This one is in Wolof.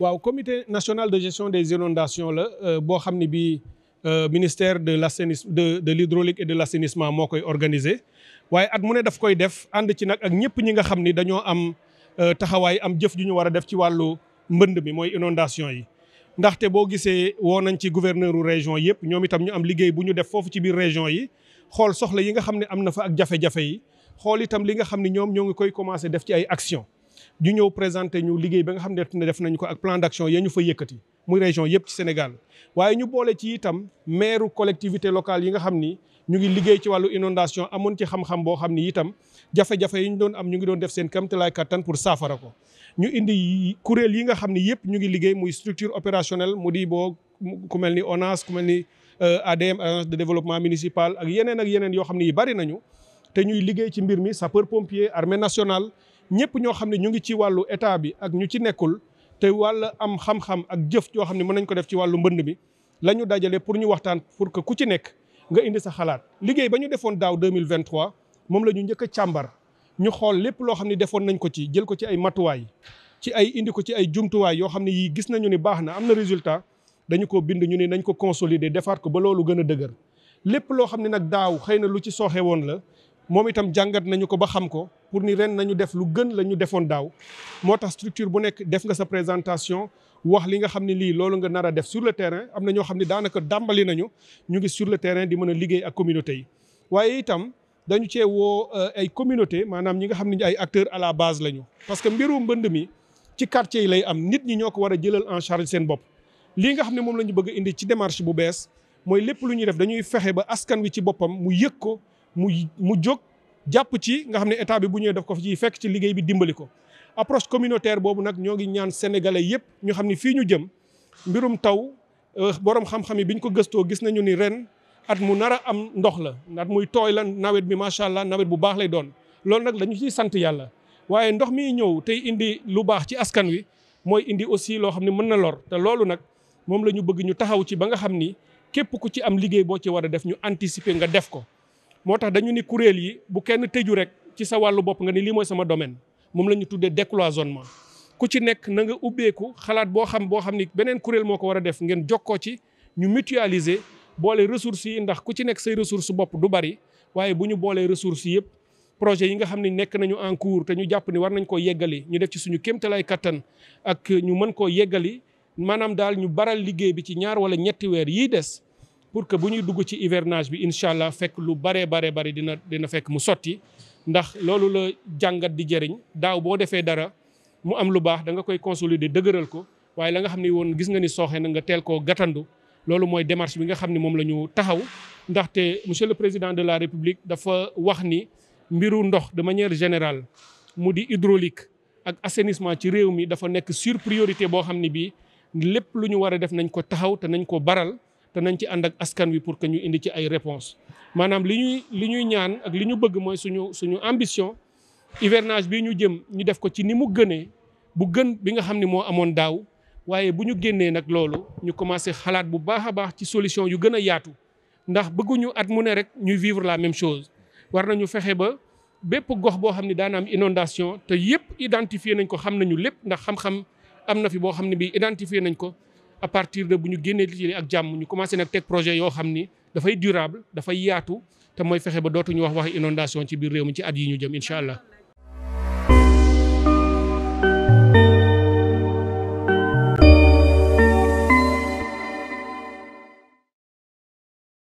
waaw commité national de gestion des inondations la euh, boo xam ne bii euh, ministère de l' assainissement de de l' et de l' assainissement moo koy organiser waaye at mu ne daf koy def ànd ci nag ak ñëpp ñi nga xam ni dañoo am euh, taxawaay am jëf ju ñu war a def ci wàllu mbënd mi mooy inondation yi. ndaxte boo gisee woo nañ ci gouverneur u région yëpp ñoom itam ñu am liggéey bu ñu def foofu ci biir région yi xool soxla yi nga xam ne am na fa ak jafe-jafe yi xool itam li nga xam ne ñoom ñoo ngi koy commencé def ci ay action ñu ñëw présenté ñu liggéey ba nga xam ne def nañ ko ak plan d'action ya ñu fa yëkkati muy région yëpp Sénégal waaye ñu boole ci itam maire collectivité locale yi nga xam ni ñu ngi liggéey ci wàllu inondation amoon ci xam-xam boo xam ni itam jafe-jafe yi ñu doon am ñu ngi doon def seen kamtalaay kattan pour saafara ko ñu indi kuréel yi nga xam ni yëpp ñu ngi liggéey muy structure opérationnelle mu di boo ku mel ni ONAS ku mel ni euh, ADM agence de ak yeneen ak yeneen yoo xam ni yi bari nañu te ñuy liggéey ci mbir mi sapeur pompier armée nationale ñëpp ñoo xam ne ñu ngi ci wàllu état bi ak ñu ci nekkul te wàll am xam-xam ak jëf yoo xam ne mën nañ ko def ci wàllu mbënd bi la ñu dajale pour ñu waxtaan pour que ku ci nekk nga indi sa xalaat liggéey ba ñu defoon daaw 2023 moom la ñu njëkk a càmbar ñu xool lépp loo xam ne defoon nañ ko ci jël ko ci ay matuwaay ci ay indi ko ci ay jumtuwaay yoo xam ne yii gis nañu ni baax na am na résultat dañu ko bind ñu ni nañ ko consolider defaat ko ba loolu gën a dëgër lépp loo xam ne nag daaw xëy na lu ci sooxe woon la moom itam jàngat nañu ko ba xam ko pour ni ren nañu def lu gën la ñu defoon daaw moo tax structure bu nekk def nga sa présentation wax li nga xam ne lii loolu nga nar def sur le terrain am na ñoo xam ne daanaka dàmbali nañu ñu ngi sur le terrain di mën a liggéey ak communauté yi. waaye itam dañu cee woo euh, ay communauté maanaam ñi nga xam ne ay acteur à la base lañu. parce que mbiru mbënd mi ci quartier yi lay am nit ñi ñoo ko war a jëlal en charge seen bopp lii nga xam ne moom la ñu bëgg indi ci démarche bu bees mooy lépp lu ñuy def dañuy fexe ba askan wi ci boppam mu yëg ko. mu mu jóg jàpp ci nga xam ne état bi bu ñëwee def ko ci fekk ci liggéey bi dimbali ko approche communautaire boobu nag ñoo ngi ñaan sénégalais yépp ñu xam ni fii ñu jëm mbirum taw euh, borom xam-xam yi bi ñu ko gëstoo gis nañu ni ren at mu nar a am ndox la at muy tooy la nawet bi macha allah nawet bu baax lay doon loolu nag dañu ciy sant yàlla waaye ndox mi ñëw tey indi lu baax ci askan wi mooy indi aussi loo xam ne mën na lor te loolu nag moom la ñu bëgg ñu taxaw ci ba nga xam ni képp ku ci am liggéey boo ci war a def ñu anticiper nga def ko moo tax dañu ni kuréel yi bu kenn tëju rek ci sa wàllu bopp nga ni lii mooy sama domaine moom la tuddee décloisonnement ku ci nekk na nga ubbeeku xalaat boo xam boo xam ni beneen kuréel moo ko war a def ngeen jokkoo ci ñu mutualiser boole ressources yi ndax ku ci nekk say ressource bopp du bari waaye bu ñu boolee ressources yëpp projet yi nga xam ni nekk nañu en cours te ñu jàpp ni war nañ koo yeggali ñu def ci suñu kéemtalaay kattan ak ñu mën koo yeggali maanaam daal ñu baral liggéey bi ci ñaar wala ñetti weer yii des pour que bu ñuy dugg ci hivernage bi incha allah fekk lu baree baree bari dina dina fekk mu sotti ndax loolu la jàngat di jëriñ daaw boo defee dara mu am lu baax da nga koy consolider dëgëral ko waaye la nga xam ne woon gis nga ni sooxe na nga teel koo gàttandu loolu mooy démarche bi nga xam ne moom la ñu taxaw ndaxte monsieur le président de la république dafa wax ni mbiru ndox de manière générale mu di hydraulique ak assainissement ci réew mi dafa nekk sur priorité boo xam ne bii lépp lu ñu war a def nañ ko taxaw te nañ ko baral te nañ ci ànd ak askan wi pour que ñu indi ci ay réponses maanaam li ñuy li ñuy ñaan ak li ñu bëgg mooy suñu suñu ambition hivernage bi ñu jëm ñu def ko ci ni mu gënee bu gën bi nga xam ne moo amoon daaw waaye bu ñu génnee nag loolu ñu commencé xalaat bu baax a baax ci solution yu gën a yaatu ndax bëgguñu at mu ne rek ñuy vivre la même chose war nañu fexe ba bépp gox boo xam ne daan am inondation te yépp identifier nañ ko xam nañu lépp ndax xam-xam am na fi boo xam ne bii identifier nañ ko à partir de bu ñu génnee li ak jàmm ñu commencé nag teg projet yoo xam ni dafay durable dafay yaatu te mooy fexe ba dootuñu wax wax inondation ci biir réew mi ci at yi ñu jëm incha allah.